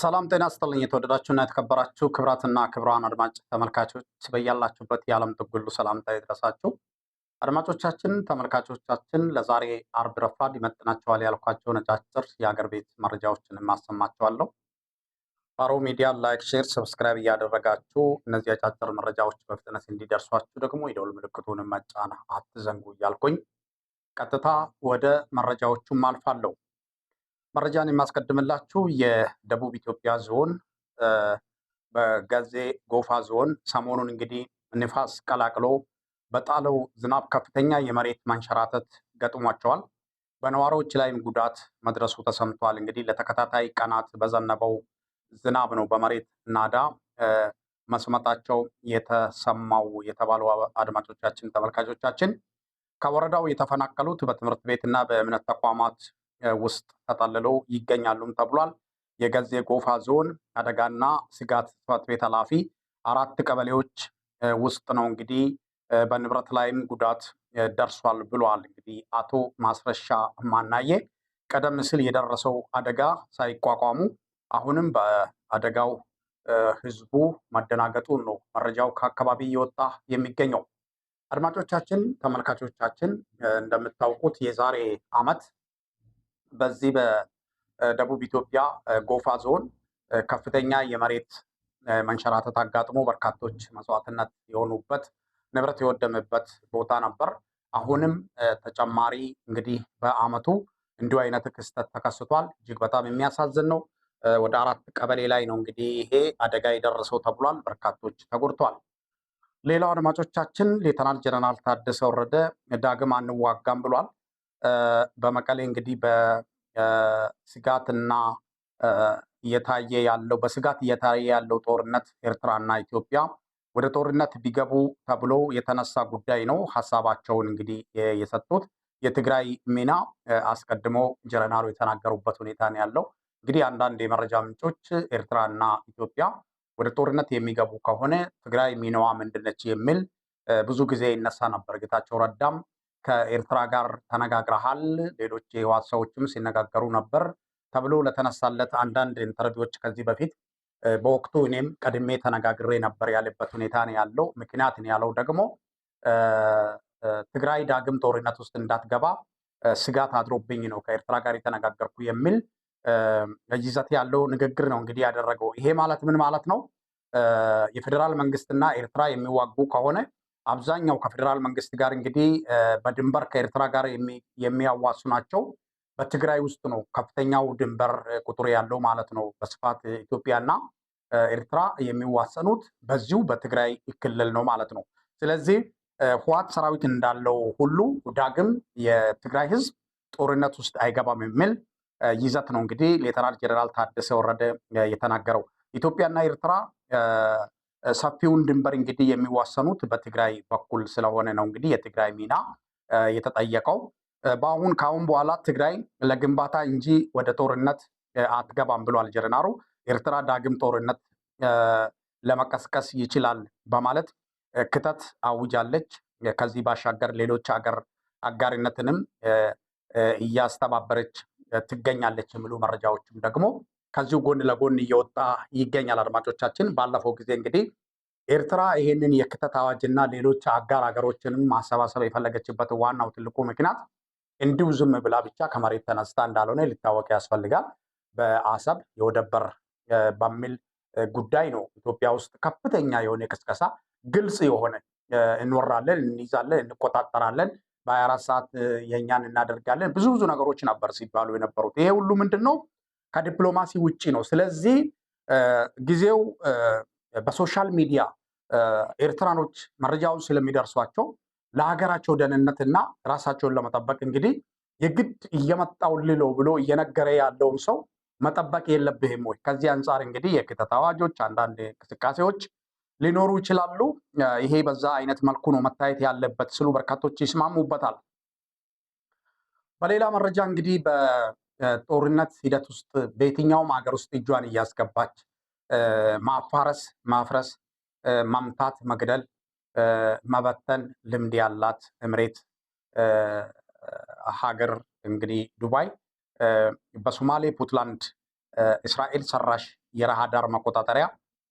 ሰላም ጤና ስጥልኝ። የተወደዳችሁና የተከበራችሁ ክብራትና ክብራን አድማጭ ተመልካቾች በያላችሁበት የዓለም ጥጉሉ ሰላምታ ይድረሳችሁ። አድማጮቻችን፣ ተመልካቾቻችን ለዛሬ አርብ ረፋድ ይመጥናቸዋል ያልኳቸውን አጫጭር የአገር ቤት መረጃዎችን ማሰማቸዋለሁ። ባሮ ሚዲያ ላይክ፣ ሼር፣ ሰብስክራይብ እያደረጋችሁ እነዚህ አጫጭር መረጃዎች በፍጥነት እንዲደርሷችሁ ደግሞ የደውል ምልክቱን መጫን አትዘንጉ እያልኩኝ ቀጥታ ወደ መረጃዎቹም አልፋለሁ። መረጃን የማስቀድምላችሁ የደቡብ ኢትዮጵያ ዞን በጋዜ ጎፋ ዞን ሰሞኑን እንግዲህ ንፋስ ቀላቅሎ በጣለው ዝናብ ከፍተኛ የመሬት መንሸራተት ገጥሟቸዋል። በነዋሪዎች ላይም ጉዳት መድረሱ ተሰምቷል። እንግዲህ ለተከታታይ ቀናት በዘነበው ዝናብ ነው በመሬት ናዳ መስመጣቸው የተሰማው የተባሉ አድማጮቻችን፣ ተመልካቾቻችን ከወረዳው የተፈናቀሉት በትምህርት ቤትና በእምነት ተቋማት ውስጥ ተጠልለው ይገኛሉም ተብሏል። የገዜ ጎፋ ዞን አደጋና ስጋት ጽሕፈት ቤት ኃላፊ አራት ቀበሌዎች ውስጥ ነው እንግዲህ በንብረት ላይም ጉዳት ደርሷል ብሏል። እንግዲህ አቶ ማስረሻ ማናዬ ቀደም ሲል የደረሰው አደጋ ሳይቋቋሙ አሁንም በአደጋው ህዝቡ መደናገጡን ነው መረጃው ከአካባቢ እየወጣ የሚገኘው። አድማጮቻችን፣ ተመልካቾቻችን እንደምታውቁት የዛሬ አመት። በዚህ በደቡብ ኢትዮጵያ ጎፋ ዞን ከፍተኛ የመሬት መንሸራተት አጋጥሞ በርካቶች መስዋዕትነት የሆኑበት ንብረት የወደመበት ቦታ ነበር። አሁንም ተጨማሪ እንግዲህ በአመቱ እንዲሁ አይነት ክስተት ተከስቷል። እጅግ በጣም የሚያሳዝን ነው። ወደ አራት ቀበሌ ላይ ነው እንግዲህ ይሄ አደጋ የደረሰው ተብሏል። በርካቶች ተጎድቷል። ሌላው አድማጮቻችን ሌተናል ጀነራል ታደሰ ወረደ ዳግም አንዋጋም ብሏል። በመቀሌ እንግዲህ በስጋትና እየታየ ያለው በስጋት እየታየ ያለው ጦርነት ኤርትራና ኢትዮጵያ ወደ ጦርነት ቢገቡ ተብሎ የተነሳ ጉዳይ ነው። ሀሳባቸውን እንግዲህ የሰጡት የትግራይ ሚና አስቀድሞ ጀነራሉ የተናገሩበት ሁኔታ ነው ያለው። እንግዲህ አንዳንድ የመረጃ ምንጮች ኤርትራና ኢትዮጵያ ወደ ጦርነት የሚገቡ ከሆነ ትግራይ ሚናዋ ምንድነች የሚል ብዙ ጊዜ ይነሳ ነበር። ጌታቸው ረዳም ከኤርትራ ጋር ተነጋግረሃል፣ ሌሎች የህወሓት ሰዎችም ሲነጋገሩ ነበር ተብሎ ለተነሳለት አንዳንድ ኢንተርቪዎች ከዚህ በፊት በወቅቱ እኔም ቀድሜ ተነጋግሬ ነበር ያለበት ሁኔታ ነው ያለው። ምክንያት ነው ያለው ደግሞ ትግራይ ዳግም ጦርነት ውስጥ እንዳትገባ ስጋት አድሮብኝ ነው ከኤርትራ ጋር የተነጋገርኩ የሚል ይዘት ያለው ንግግር ነው እንግዲህ ያደረገው። ይሄ ማለት ምን ማለት ነው? የፌዴራል መንግስትና ኤርትራ የሚዋጉ ከሆነ አብዛኛው ከፌዴራል መንግስት ጋር እንግዲህ በድንበር ከኤርትራ ጋር የሚያዋሱ ናቸው። በትግራይ ውስጥ ነው ከፍተኛው ድንበር ቁጥር ያለው ማለት ነው። በስፋት ኢትዮጵያና ኤርትራ የሚዋሰኑት በዚሁ በትግራይ ክልል ነው ማለት ነው። ስለዚህ ህወሓት ሰራዊት እንዳለው ሁሉ ዳግም የትግራይ ህዝብ ጦርነት ውስጥ አይገባም የሚል ይዘት ነው እንግዲህ ሌተናል ጀነራል ታደሰ ወረደ የተናገረው። ኢትዮጵያና ኤርትራ ሰፊውን ድንበር እንግዲህ የሚዋሰኑት በትግራይ በኩል ስለሆነ ነው እንግዲህ የትግራይ ሚና የተጠየቀው። በአሁን ከአሁን በኋላ ትግራይ ለግንባታ እንጂ ወደ ጦርነት አትገባም ብሏል ጀነራሉ። ኤርትራ ዳግም ጦርነት ለመቀስቀስ ይችላል በማለት ክተት አውጃለች። ከዚህ ባሻገር ሌሎች ሀገር አጋርነትንም እያስተባበረች ትገኛለች የሚሉ መረጃዎችም ደግሞ ከዚሁ ጎን ለጎን እየወጣ ይገኛል። አድማጮቻችን ባለፈው ጊዜ እንግዲህ ኤርትራ ይህንን የክተት አዋጅና ሌሎች አጋር ሀገሮችንም ማሰባሰብ የፈለገችበት ዋናው ትልቁ ምክንያት እንዲሁ ዝም ብላ ብቻ ከመሬት ተነስታ እንዳልሆነ ሊታወቅ ያስፈልጋል። በአሰብ የወደብ በር በሚል ጉዳይ ነው ኢትዮጵያ ውስጥ ከፍተኛ የሆነ ቅስቀሳ ግልጽ የሆነ እንወራለን፣ እንይዛለን፣ እንቆጣጠራለን፣ በአራት ሰዓት የእኛን እናደርጋለን ብዙ ብዙ ነገሮች ነበር ሲባሉ የነበሩት። ይሄ ሁሉ ምንድን ነው ከዲፕሎማሲ ውጭ ነው። ስለዚህ ጊዜው በሶሻል ሚዲያ ኤርትራኖች መረጃውን ስለሚደርሷቸው ለሀገራቸው ደህንነትና ራሳቸውን ለመጠበቅ እንግዲህ የግድ እየመጣው ልለው ብሎ እየነገረ ያለውን ሰው መጠበቅ የለብህም ወይ? ከዚህ አንጻር እንግዲህ የክተት አዋጆች፣ አንዳንድ እንቅስቃሴዎች ሊኖሩ ይችላሉ። ይሄ በዛ አይነት መልኩ ነው መታየት ያለበት ስሉ በርካቶች ይስማሙበታል። በሌላ መረጃ እንግዲህ ጦርነት ሂደት ውስጥ በየትኛውም ሀገር ውስጥ እጇን እያስገባች ማፋረስ፣ ማፍረስ፣ ማምታት፣ መግደል፣ መበተን ልምድ ያላት እምሬት ሀገር እንግዲህ ዱባይ በሶማሌ ፑትላንድ እስራኤል ሰራሽ የራዳር መቆጣጠሪያ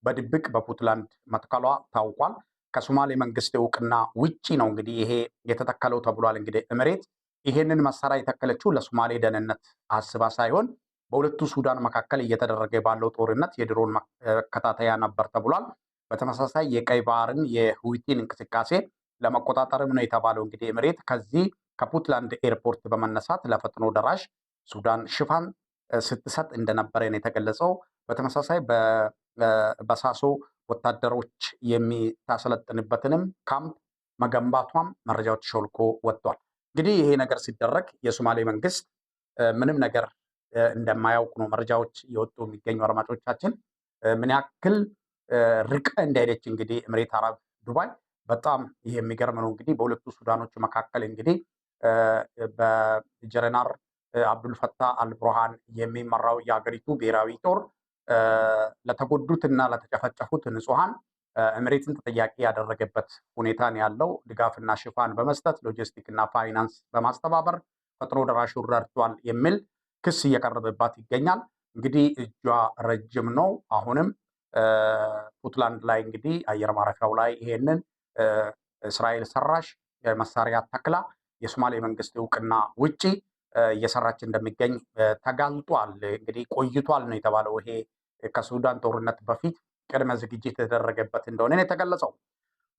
በድብቅ በፑትላንድ መትከሏ ታውቋል። ከሶማሌ መንግስት እውቅና ውጪ ነው እንግዲህ ይሄ የተተከለው ተብሏል። እንግዲህ እምሬት ይሄንን መሳሪያ የተከለችው ለሶማሌ ደህንነት አስባ ሳይሆን በሁለቱ ሱዳን መካከል እየተደረገ ባለው ጦርነት የድሮን መከታተያ ነበር ተብሏል። በተመሳሳይ የቀይ ባህርን የዊቲን እንቅስቃሴ ለመቆጣጠርም ነው የተባለው። እንግዲህ ኤምሬት ከዚህ ከፑትላንድ ኤርፖርት በመነሳት ለፈጥኖ ደራሽ ሱዳን ሽፋን ስትሰጥ እንደነበረ ነው የተገለጸው። በተመሳሳይ በሳሶ ወታደሮች የሚታሰለጥንበትንም ካምፕ መገንባቷም መረጃዎች ሾልኮ ወጥቷል። እንግዲህ ይሄ ነገር ሲደረግ የሶማሌ መንግስት ምንም ነገር እንደማያውቅ ነው መረጃዎች እየወጡ የሚገኙ አድማጮቻችን። ምን ያክል ርቀ እንዳሄደች እንግዲህ እምሬት አረብ ዱባይ በጣም ይሄ የሚገርም ነው። እንግዲህ በሁለቱ ሱዳኖች መካከል እንግዲህ በጀረናር አብዱልፈታ አልብርሃን የሚመራው የሀገሪቱ ብሔራዊ ጦር ለተጎዱትና ለተጨፈጨፉት ንጹሐን ኤምሬትን ተጠያቂ ያደረገበት ሁኔታን ያለው ድጋፍና ሽፋን በመስጠት ሎጂስቲክና ፋይናንስ በማስተባበር ፈጥኖ ደራሹ ረድቷል የሚል ክስ እየቀረበባት ይገኛል። እንግዲህ እጇ ረጅም ነው። አሁንም ፑትላንድ ላይ እንግዲህ አየር ማረፊያው ላይ ይሄንን እስራኤል ሰራሽ መሳሪያ ተክላ የሶማሌ መንግስት እውቅና ውጪ እየሰራች እንደሚገኝ ተጋልጧል። እንግዲህ ቆይቷል ነው የተባለው። ይሄ ከሱዳን ጦርነት በፊት ቅድመ ዝግጅት የተደረገበት እንደሆነ የተገለጸው።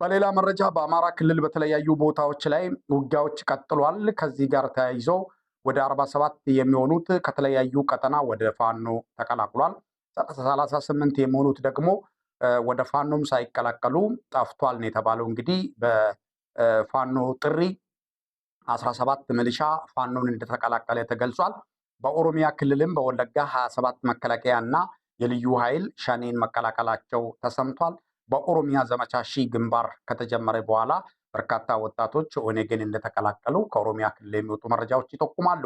በሌላ መረጃ በአማራ ክልል በተለያዩ ቦታዎች ላይ ውጊያዎች ቀጥሏል። ከዚህ ጋር ተያይዞ ወደ 47 የሚሆኑት ከተለያዩ ቀጠና ወደ ፋኖ ተቀላቅሏል። 38 የሚሆኑት ደግሞ ወደ ፋኖም ሳይቀላቀሉ ጠፍቷል ነው የተባለው። እንግዲህ በፋኖ ጥሪ 17 ሚሊሻ ፋኖን እንደተቀላቀለ ተገልጿል። በኦሮሚያ ክልልም በወለጋ 27 መከላከያ እና የልዩ ኃይል ሸኔን መቀላቀላቸው ተሰምቷል። በኦሮሚያ ዘመቻ ሺህ ግንባር ከተጀመረ በኋላ በርካታ ወጣቶች ኦኔግን እንደተቀላቀሉ ከኦሮሚያ ክልል የሚወጡ መረጃዎች ይጠቁማሉ።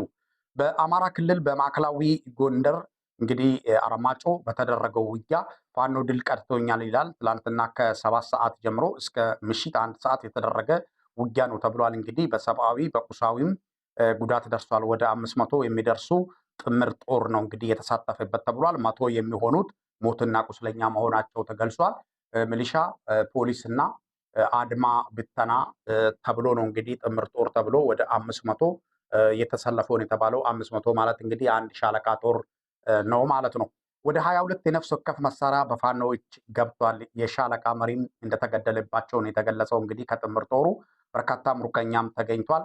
በአማራ ክልል በማዕከላዊ ጎንደር እንግዲህ አርማጮ በተደረገው ውጊያ ፋኖ ድል ቀድቶኛል ይላል። ትላንትና ከሰባት ሰዓት ጀምሮ እስከ ምሽት አንድ ሰዓት የተደረገ ውጊያ ነው ተብሏል። እንግዲህ በሰብአዊ በቁሳዊም ጉዳት ደርሷል። ወደ አምስት መቶ የሚደርሱ ጥምር ጦር ነው እንግዲህ የተሳተፈበት ተብሏል። መቶ የሚሆኑት ሞትና ቁስለኛ መሆናቸው ተገልጿል። ሚሊሻ፣ ፖሊስ እና አድማ ብተና ተብሎ ነው እንግዲህ ጥምር ጦር ተብሎ ወደ አምስት መቶ የተሰለፈውን የተባለው አምስት መቶ ማለት እንግዲህ አንድ ሻለቃ ጦር ነው ማለት ነው። ወደ ሀያ ሁለት የነፍስ ወከፍ መሳሪያ በፋኖዎች ገብቷል። የሻለቃ መሪም እንደተገደለባቸው ነው የተገለጸው። እንግዲህ ከጥምር ጦሩ በርካታ ምሩከኛም ተገኝቷል።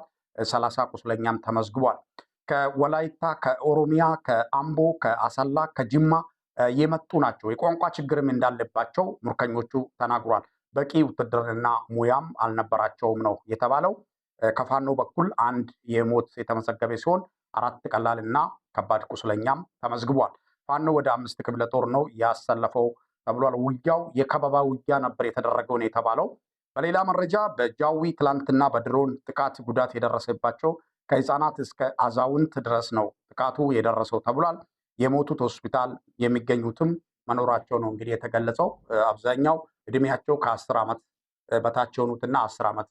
ሰላሳ ቁስለኛም ተመዝግቧል። ከወላይታ፣ ከኦሮሚያ፣ ከአምቦ፣ ከአሰላ፣ ከጅማ የመጡ ናቸው። የቋንቋ ችግርም እንዳለባቸው ምርኮኞቹ ተናግሯል። በቂ ውትድርና ሙያም አልነበራቸውም ነው የተባለው። ከፋኖ በኩል አንድ የሞት የተመዘገበ ሲሆን አራት ቀላል እና ከባድ ቁስለኛም ተመዝግቧል። ፋኖ ወደ አምስት ክፍለ ጦር ነው ያሰለፈው ተብሏል። ውጊያው የከበባ ውጊያ ነበር የተደረገው ነው የተባለው። በሌላ መረጃ በጃዊ ትላንትና በድሮን ጥቃት ጉዳት የደረሰባቸው ከህፃናት እስከ አዛውንት ድረስ ነው ጥቃቱ የደረሰው ተብሏል። የሞቱት ሆስፒታል የሚገኙትም መኖራቸው ነው እንግዲህ የተገለጸው። አብዛኛው እድሜያቸው ከአስር ዓመት በታች የሆኑትና አስር ዓመት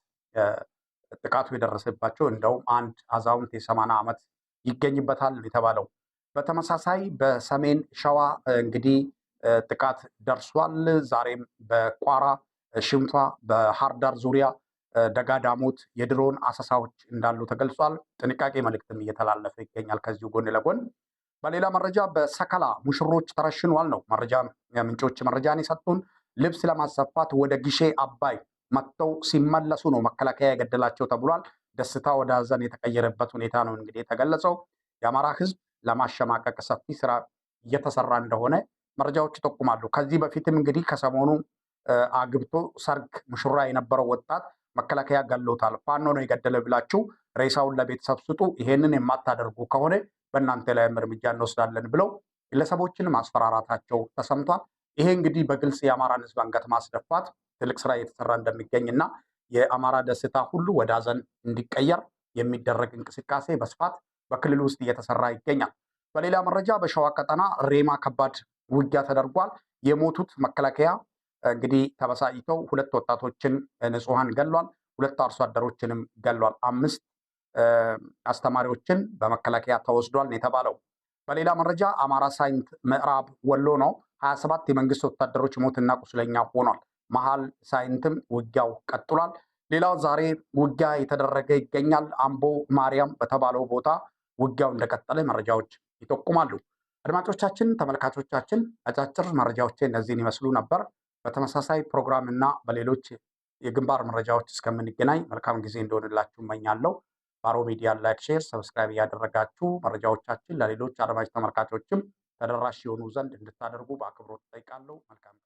ጥቃቱ የደረሰባቸው እንደውም አንድ አዛውንት የሰማንያ ዓመት ይገኝበታል የተባለው። በተመሳሳይ በሰሜን ሸዋ እንግዲህ ጥቃት ደርሷል። ዛሬም በቋራ ሽንፋ፣ በሃርዳር ዳር ዙሪያ ደጋዳሞት የድሮን አሰሳዎች እንዳሉ ተገልጿል። ጥንቃቄ መልእክትም እየተላለፈ ይገኛል። ከዚሁ ጎን ለጎን በሌላ መረጃ በሰከላ ሙሽሮች ተረሽኗል ነው መረጃ ምንጮች መረጃን የሰጡን። ልብስ ለማሰፋት ወደ ጊሼ አባይ መጥተው ሲመለሱ ነው መከላከያ የገደላቸው ተብሏል። ደስታ ወደ ሀዘን የተቀየረበት ሁኔታ ነው እንግዲህ የተገለጸው። የአማራ ህዝብ ለማሸማቀቅ ሰፊ ስራ እየተሰራ እንደሆነ መረጃዎች ይጠቁማሉ። ከዚህ በፊትም እንግዲህ ከሰሞኑ አግብቶ ሰርግ ሙሽራ የነበረው ወጣት መከላከያ ገሎታል፣ ፋኖ ነው የገደለ ብላችሁ ሬሳውን ለቤተሰብ ስጡ፣ ይሄንን የማታደርጉ ከሆነ በእናንተ ላይም እርምጃ እንወስዳለን ብለው ግለሰቦችን ማስፈራራታቸው ተሰምቷል። ይሄ እንግዲህ በግልጽ የአማራን ህዝብ አንገት ማስደፋት ትልቅ ስራ እየተሰራ እንደሚገኝ እና የአማራ ደስታ ሁሉ ወደ አዘን እንዲቀየር የሚደረግ እንቅስቃሴ በስፋት በክልል ውስጥ እየተሰራ ይገኛል። በሌላ መረጃ በሸዋ ቀጠና ሬማ ከባድ ውጊያ ተደርጓል። የሞቱት መከላከያ እንግዲህ ተበሳጭተው ሁለት ወጣቶችን ንጹሐን ገሏል። ሁለት አርሶ አደሮችንም ገሏል። አምስት አስተማሪዎችን በመከላከያ ተወስዷል ነው የተባለው። በሌላ መረጃ አማራ ሳይንት ምዕራብ ወሎ ነው። ሀያ ሰባት የመንግስት ወታደሮች ሞትና ቁስለኛ ሆኗል። መሀል ሳይንትም ውጊያው ቀጥሏል። ሌላው ዛሬ ውጊያ የተደረገ ይገኛል። አምቦ ማርያም በተባለው ቦታ ውጊያው እንደቀጠለ መረጃዎች ይጠቁማሉ። አድማጮቻችን፣ ተመልካቾቻችን አጫጭር መረጃዎች እነዚህን ይመስሉ ነበር። በተመሳሳይ ፕሮግራም እና በሌሎች የግንባር መረጃዎች እስከምንገናኝ መልካም ጊዜ እንደሆንላችሁ እመኛለሁ። ባሮ ሚዲያ ላይክ፣ ሼር፣ ሰብስክራይብ እያደረጋችሁ መረጃዎቻችን ለሌሎች አድማጭ ተመልካቾችም ተደራሽ የሆኑ ዘንድ እንድታደርጉ በአክብሮት እጠይቃለሁ። መልካም